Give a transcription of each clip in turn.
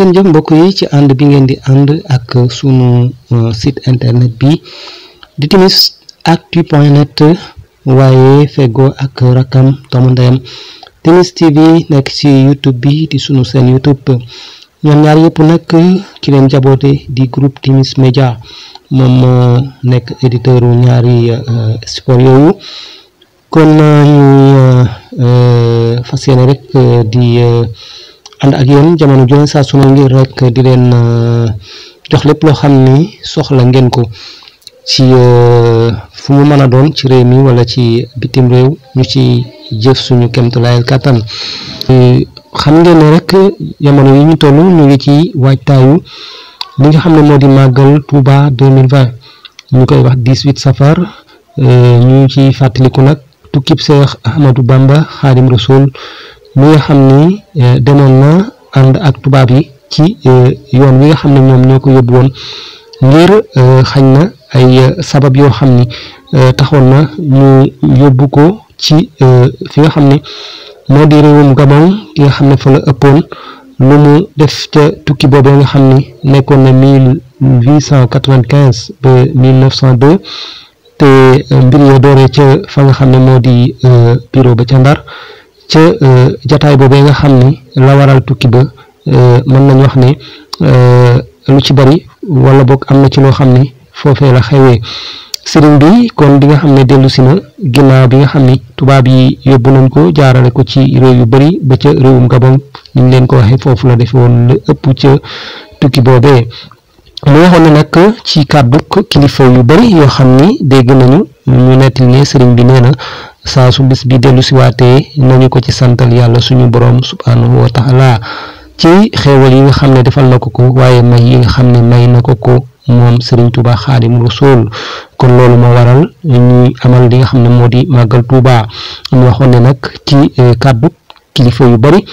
ngeen jëf mbokk yi ci ànd bi ngeen di ànd ak sunu euh, site internet bi di timis actu point net waaye fego ak rakam doomu ndeyam timis tv nekk ci youtube bi di sunu seen youtube ñoom ñaar yëpp nag ki leen jaboote di groupe timis media moom euh, nekk éditeur ñaari euh, sport yooyu kon ñu fas yéene rek di and ak yeen jamono joon sa sunu su ngir rek di len euh, jox lepp lo xamni soxla ngeen ko ci euh, fu mu mën doon ci réew mi wala ci bitim réew ñu ci jëf suñu kemtu kemtulaayal katan xam nga ne rek jamono yi ñu tollu ñu ngi ci wajtaayu li nga xamne modi magal Touba 2020 ñu koy wax 18 safar euh, ñu ci fàttaliku nak tukkib cheikh Ahmadou Bamba khadim rasoul mu nga xam ni e, demoon na ànd ak tubaab yi ci e, yoon wi nga xam ne ñoom ñoo ko yóbbu woon ngir e, xañ na ay sabab yoo xam ni taxoon na ñu yóbbu ko ci fi nga xam ni moo di réewum Gabon ki nga xam ne fa la ëppoon lu mu def ca tukki boobee nga xam ni nekkoon na mille huit cent quatre ba mille neuf te mbir ya dooree ca fa nga xam ne moo di bureau ba ca Ndar ca euh, jataay boobee nga xam ni la waral tukki ba euh, mën nañ wax ne euh, lu ci bari walla boog am na ci loo xam ne foofee la xewee sëriñ bi kon bi nga xam ne dellu si na ginnaaw bi nga xam ne tubaab yi yóbbu nañ ko jaarale ko ci réew yu bari ba ca réewum Gabon ni ñu leen ko waxee foofu la defe woon la ëpp ca tukki boobee mu waxoon ne nag ci kàdduk kilifa yu bari yoo xam ni dégg nañu ñu nettali ne sëriñ bi nee na saa su bis bi dellu siwaatee nañu ko ci santal yàlla suñu boroom subhaanahu wa taala ci xéewal yi nga xam ne defal na ko ko waaye may yi nga xam ne may na ko ko moom Serigne Touba Xaadim Rasuul kon loolu moo waral ñuy amal li nga xam ne moo di màggal Touba mu waxoon ne nag ci eh, kàddu kilifa yu bari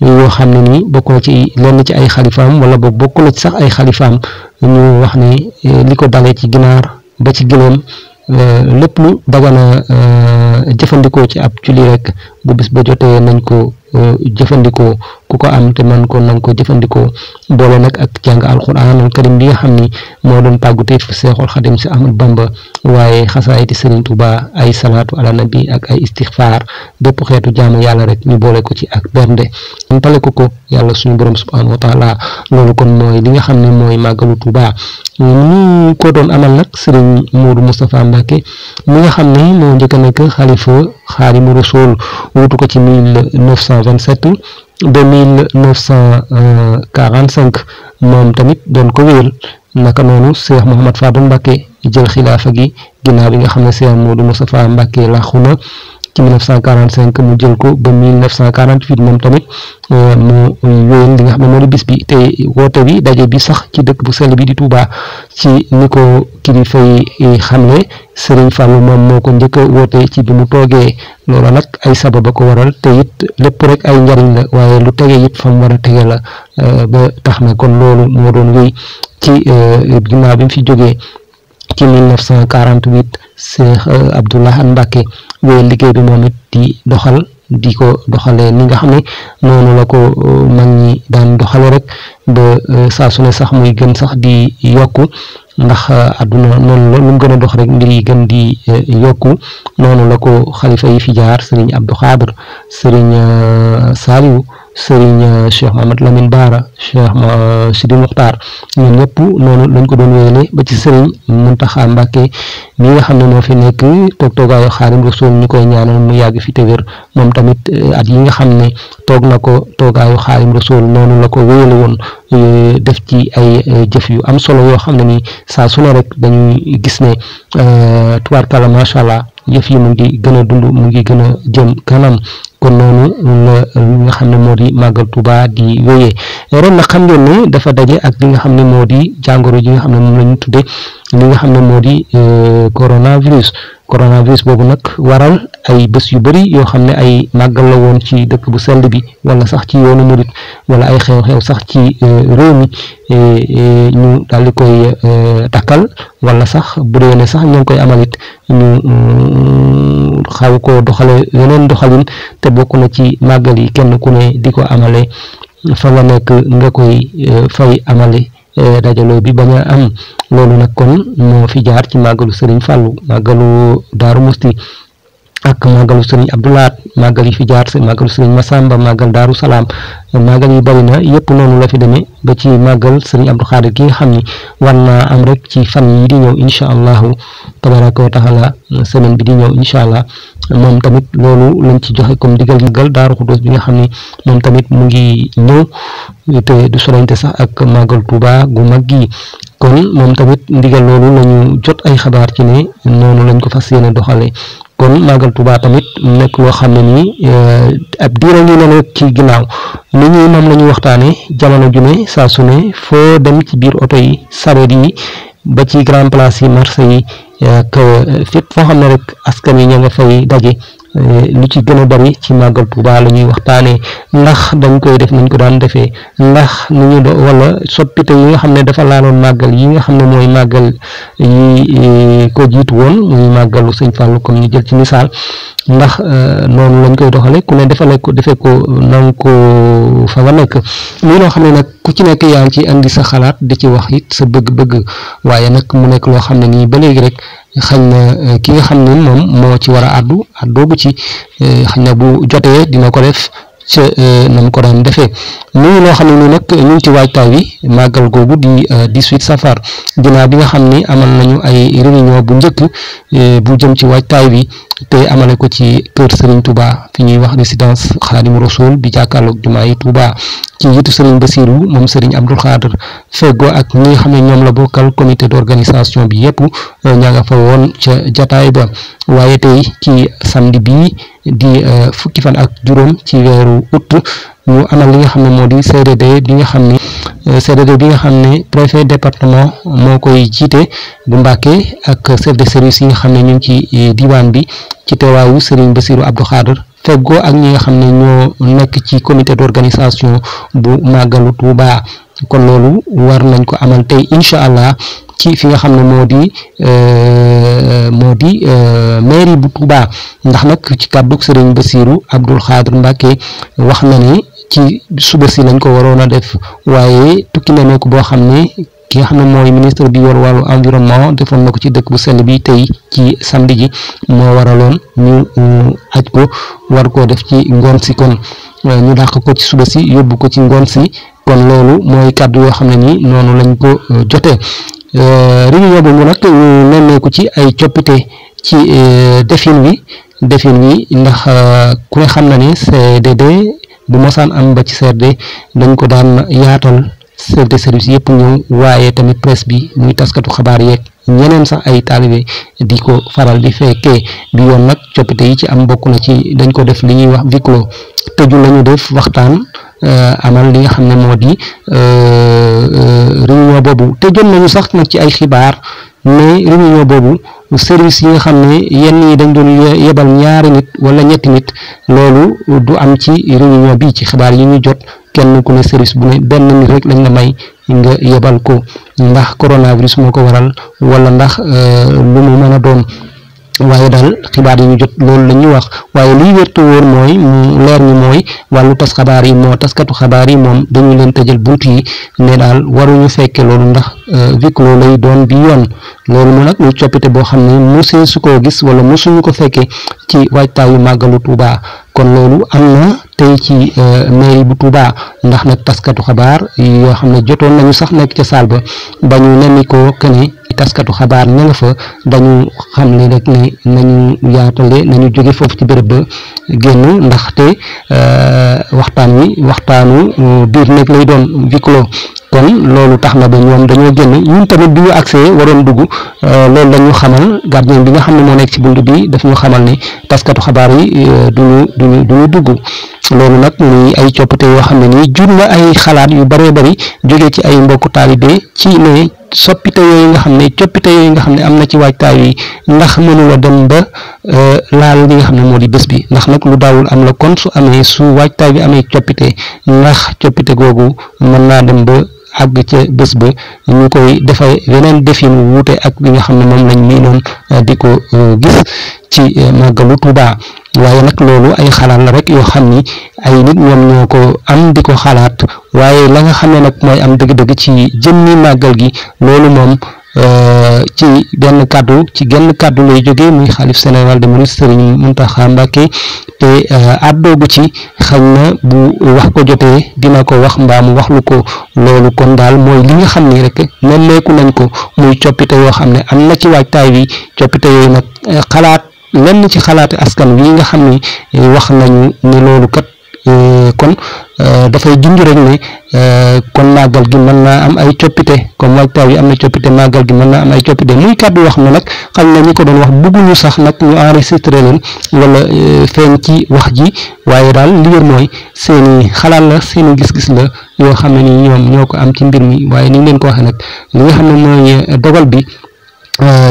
yoo xam ne nii bokk ci lenn ci ay xalifaam wala boog bokk na ci sax ay xalifaam ñu wax ne eh, li ko dalee ci ginaar ba ci gëléem Euh, lépp lu dagan a euh, jëfandikoo ci ab julli rek bu bis ba jotee nañ ko euh, jëfandikoo kuko am te man ko nang ko jëfandikoo boole nak ak alquran al karim bi nga xamni mo doon tagute fi fa khadim ci si ahmad bamba waye xasaayiti serigne tuba ay salatu ala nabi ak ay istighfar bépp jamu jaamu yalla rek ñu boole ko ci ak bernde ñu pale ko ko yalla suñu borom subhanahu wa taala lolu kon moy li nga xamni moy magalu touba tuba ñu ko doon amal nak serigne Modou mustapha mbake mi nga xamni mo moo njëkk khalifa nekk rasul wutu ko ci 1927 deux mille neuf cent euh, quarante cinq moom tamit doon ko wéyal naka noonu Cheikh Mouhamad Fadel Mbacke jël xilaafa gi ginnaaw bi nga xam ne Cheikh Modou Moustapha Mbacke làqu na ci 1945 mu jël ko ba 1948 moom tamit euh, mu wéyal li nga xam ne moo di bis bi te wote bi daje bi sax ci dëkk bu sell bi di Touba ci ni ko kilifa yi xamle Serigne Fallou moom moo ko njëkk ci bi mu ay sababa ko waral te it lépp rek ay njariñ la waaye lu tege it fa mu war a tege la euh, ba tax na kon loolu doon ci euh, bi fi ci 1948 Cheikh euh, Abdoulaye Mbacke wéyal liggéey bi moom it di doxal di ko doxalee ni nga xam ne noonu la ko euh, mag ñi daan doxale rek ba euh, saa su sax muy gën sax di yokku ndax àdduna noonu la lu gën a dox rek mbir yi gën di yokku noonu la ko xalifa yi fi jaar sëriñ Abdou Xaadir sëriñ sëriñ euh, Cheikh Mahamad Lamine Baara Cheikh ma euh, Sidi Muxtaar ñoom ñëpp noonu lañ ko doon wéyale ba ci sëriñ Muntaxa Mbàkke mi nga xam ne moo fi nekk toog toogaayu Xaadimu Rasuul ñu koy ñaanal mu yàgg fi te wér moom tamit euh, at yi nga xam ne toog na ko toogaayu Xaadimu Rasuul noonu la ko wéyale woon def ci ay jëf yu am solo yoo xam ne ni saa su rek dañuy gis ne tubaarkalla macha allah. yëf yi mu ngi gën a dund mu ngi gën a jëm kanam kon noonu la li nga xam ne moo di màggal Tuuba di wéyee ren na xam ngeen ne dafa daje ak li nga xam ne moo di jàngoro ji nga xam ne moom la ñu tuddee li nga xam ne moo di euh, coronavirus. coronavirus boobu nag waral ay bés yu bari yoo xam ne ay màggal la woon ci dëkk bu sell bi wala sax ci yoonu murit wala ay xew sax ci euh, réew daal di koy euh, takkal wala sax bu dee ne sax ñoo ngi koy amalit euh, ko doxale yeneen doxalin te bokk na ci màggal yi kenn ku ne di ko amale fa nga nekk nga koy fay amale dajaloo bi bañ am loolu nag kon moo fi jaar ci màggalu sëriñ Fallou màggalu Daaru Musti ak màggalu sëriñ Abdoulaat màggal yi fi jaar si màggalu sëriñ Masamba màggal Daaru Salaam màggal yi bari na yëpp noonu la fi demee ba ci màggal sëriñ Abdou Khadir gi nga xam ni war naa am rek ci fan yi di ñëw incha allahu tabaraka wa semaine bi di ñëw incha allah moom tamit loolu lañ ci joxe comme digal màggal Daaru Xudus bi nga xam ni moom tamit mu ngi ñëw te du sorante sax ak màggal Tuuba gu mag gi kon moom tamit ndigal loolu la jot ay xabaar ci ne noonu lañ ko fas yéene doxale kon màggal tubaa tamit nekk loo xam ne nii eh, ab diira ngi ne ci ginnaaw li ñuy moom la waxtaane jamono ju ne saa su ne foo dem ci biir oto yi saret yi ba ci grand place yi marché yi eh, eh, foo xam ne rek askan wi ña nga fay daje Eh, lu ci gën a bari ci màggal Tuuba la ñuy waxtaanee ndax dañ koy def nañ ko daan defee ndax nu ñu do wala soppite yi nga xam ne dafa laaloon màggal yi nga xam ne mooy màggal yi eh, ko jiitu woon muy màggalu sëñ Fallou comme ñu jël ci misaal ndax eh, noonu lañ koy doxale ku ne defale ko defee ko nang ko fa nga nekk lii loo xam ne nag ku ci nekk yaa ngi ci andi sa xalaat di ci wax it sa bëgg-bëgg waaye nag mu nekk loo xam ne nii ba léegi rek xañ na eh, ki nga xam ne moom moo ci war a àddu bu ci eh, xañ na bu jotee dina ko def ca euh, na mu ko daan defee nii loo xam ne nii nag ñu ngi ci waajtaay wi màggal googu di 18 euh, safar ginnaaw bi nga xam ni amal nañu ay réunion bu njëkk euh, bu jëm ci waajtaay bi te amale ko ci kër Serigne tubaa fi ñuy wax résidence Xaadimu Rasuul bi jàkkaarloog jumaa yi Touba ci njiitu Serigne Bassirou moom Serigne Abdoul Khadr feggoo ak ñi nga xam ne ñoom la bokkal comité d'organisation bi yépp ñaa nga fa woon ca jataay ba waaye tey ci samedi bii. di euh, fukki fan ak juróom ci weeru août ñu amal li nga xam ne moo di CDD bi nga xam ne euh, CDD bi nga xam ne préfet département moo koy jiite bu Mbàkke ak chef de service yi nga xam ne ñu ngi ci euh, diwaan bi ci teewaayu Serigne Bassirou Abdou Khader feggoo ak ñi nga xam ne ñoo nekk ci comité d'organisation bu màggalu Tuuba kon loolu war nañ ko amal tey incha allah. ci fi nga xam ne moo di euh, moo di euh, mairie bu Touba ndax nag ci kàddu Serigne Bassirou Abdoul Khadr Mbacké wax na ne ci suba si lañ ko waroon a def waaye tukki na ko boo xam ne ki nga xam ne mooy ministre bi yor wàllu environnement defoon na ko ci dëkk bu sell bi tey ci samedi ji moo waraloon ñu euh, aj ko war koo def ci ngoon si kon ñu dàq ko ci suba si yóbbu ko ci ngoon si kon loolu mooy kàddu yoo xam ne nii noonu lañ ko jotee Euh, réunion boobu nag ñu nemmeeku ci ay coppite ci euh, defin wi defin wi ndax euh, ku ne xam na ne CDD bu mosaan am ba ci CRD dañ ko daan yaatal chef de service yëpp ñëw waaye tamit presse bi muy taskatu xabaar yeeg ñeneen sax ay taalibe di ko faral di fekkee bi yoon nag coppite yi ci am bokk na ci dañ ko def li ñuy wax viclo tëju lañu def waxtaan Euh, amal li nga xam ne moo di euh, euh, réunion boobu te jot nañu sax nag ci ay xibaar mais réunion boobu service yi nga xam ne yenn yi dañ doon yebal ñaari nit wala ñetti nit loolu du am ci réunion bi ci xibaar yi ñu jot kenn ku ne service bu ne benn nit rek lañ la may nga yebal ko ndax coronavirus moo ko waral wala ndax lu mu mën a doon waaye daal xibaar yi ñu jot loolu la ñu wax waaye liy wértu wóor mooy mu leer ñu mooy wàllu tas xabaar yi moo taskatu xabaar yi moom dañu leen tëjal bunt yi ne daal waruñu fekke loolu ndax euh, viclo lay doon bi yoon loolu mu nag muy coppite boo xam ne mosee su ko gis wala mosuñu ko fekke ci waajtaayu màggalu Tuuba kon loolu am na tey ci euh, mairie bu Touba ndax nag taskatu xabaar yoo xam ne jotoon nañu sax nekk ca saal ba ba ñu nemmi ko kene taskatu xabaar ña nga fa dañu xam ne rek nañu yaatale nañu jóge foofu ci bërëb ba génn ndaxte euh, waxtaan wi waxtaanu euh, biir nekk lay doon viclo kon loolu tax na ba ñoom dañoo génn ñun tamit bi ñu accès waroon dugg euh, loolu la ñu xamal gardien bi nga xam ne moo nekk ci bunt bi daf ñu xamal ne taskatu xabaar yi euh, duñu duñu du ñu dugg loolu nag muy ay coppite yoo xam ne nii jur na ay xalaat yu bëree bëri jóge ci ay mbokku taalibe ci ne soppite yooyu nga xam ne coppite yooyu nga xam ne am na ci waajtaay yi ndax mënula dem ba euh, laal li nga xam ne moo di bés bi ndax nag lu daawul am la kon su amee su waajtaay bi amee coppite ndax coppite googu mën naa dem ba àgg ca bés ba ñu koy defay weneen defin wuute ak bi nga xam ne moom lañ miinoon eh, di ko eh, gis ci eh, màggalu Tuubaa waaye nag loolu ay xalaat la rek yoo xam ni ay nit ñoom ñoo ko am di ko xalaat waaye la nga xam ne nag mooy am dëgg-dëgg ci jëmmi màggal gi loolu moom Euh, ci benn kàddu ci genn kàddu lay jóge muy xalif général des mourides Serigne Mountakha Mbacké te àddoogu euh, ci xañ na bu wax ko jotee dina ko wax mbaa wax lu ko loolu kon daal mooy li nga xam ni rek nemmeeku nañ ko muy coppite yoo xam ne am na ci waajtaay wi coppite yooyu nag euh, xalaat lenn ci xalaati askan wi nga xam ni wax nañu ne loolu kat Euh, kon euh, dafay junj rek ne euh, kon màggal gi mën na am ay coppite comme waajtaay yi am na coppite màggal gi mën na am ay coppite muy kàddu yoo xam ne nag xañ na ñi ko doon wax bëgguñu sax nag ñu enregistré leen wala feeñ ci wax ji waaye daal li wér mooy seeni xalaat la seeni gis-gis la yoo xam ne ni ñoom ñoo ko am ci mbir mi waaye ni ñu leen ko waxee nag li nga xam ne mooy dogal bi.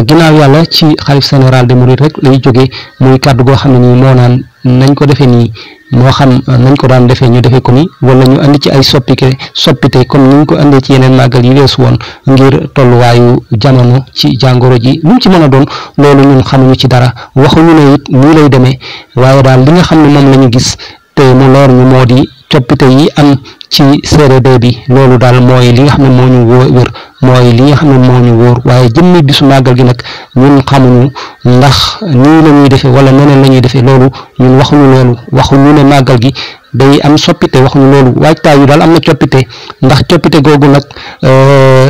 ginnaaw yàlla ci xalif général de Mouride rek lay jóge muy kàddu goo xam ne nii moo naan nañ ko defee nii moo xam euh, nañ ko daan defee ñu defee ko ni wala ñu andi ci ay soppike soppite comme ni ñu ko andee ci yeneen màggal yi weesu woon ngir tolluwaayu jamono ci jàngoro ji lu mu ci mën a doon loolu ñun xamuñu ci dara waxuñu ne it nii lay demee waaye daal li nga xam ne moom la ñu gis te mu ñu moo di coppite yi am ci CRD bi loolu daal mooy li nga xam ne moo ñu wër mooy li nga xam ne moo ñu wóor waaye jëmmi bisu màggal gi nag ñun xamuñu ndax nii la ñuy defee wala neneen la ñuy defee loolu ñun waxuñu loolu waxuñu ne màggal gi day am soppite waxuñu loolu waajtaay yu daal am na coppite ndax coppite googu nag euh,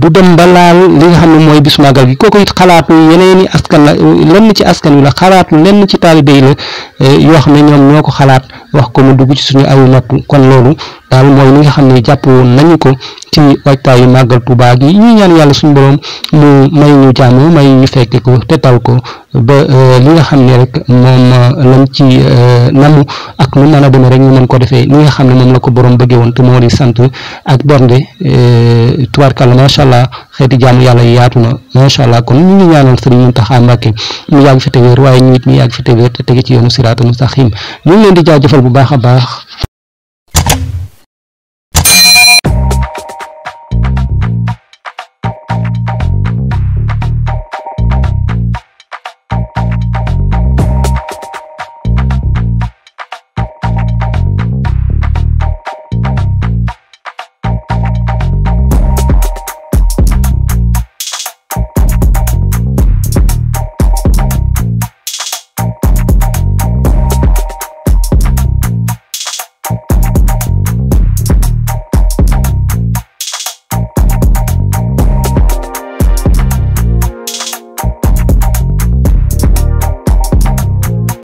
du dem ba laal li nga xam ne mooy bisu màggal gi kooku it xalaatu yeneeni askan la lenn ci askan wi la xalaatu lenn ci taalibe yi la euh, yoo xam ne ñoom ñoo ko xalaat wax ko mu dugg ci suñu awu nopp kon loolu daal mooy li nga xam ne jàpp woon nañu ko ci waajtaayu màggal Tuubaa gi ñuy ñaan yàlla suñu borom mu may ñu jàmm may ñu fekke ko te tal ko ba euh, li nga xam ne rek moom euh, lañ ci euh, namu ak nu mën a demee rek ñu mën ko defee li nga xam ne moom la ko boroom bëggee woon te moo di sant ak bernde tubaarkàlla macha allah xeeti jàmm yàlla yaatu na macha allah kon ñu ngi ñaanal Sëriñ Muntaxa Mbàkke mu yàgg fi te wér waaye ñu it ñu yàgg fi te wér te tege ci yoonu siraatu mustaqiim ñu ngi leen di jaajëfal bu baax a baax.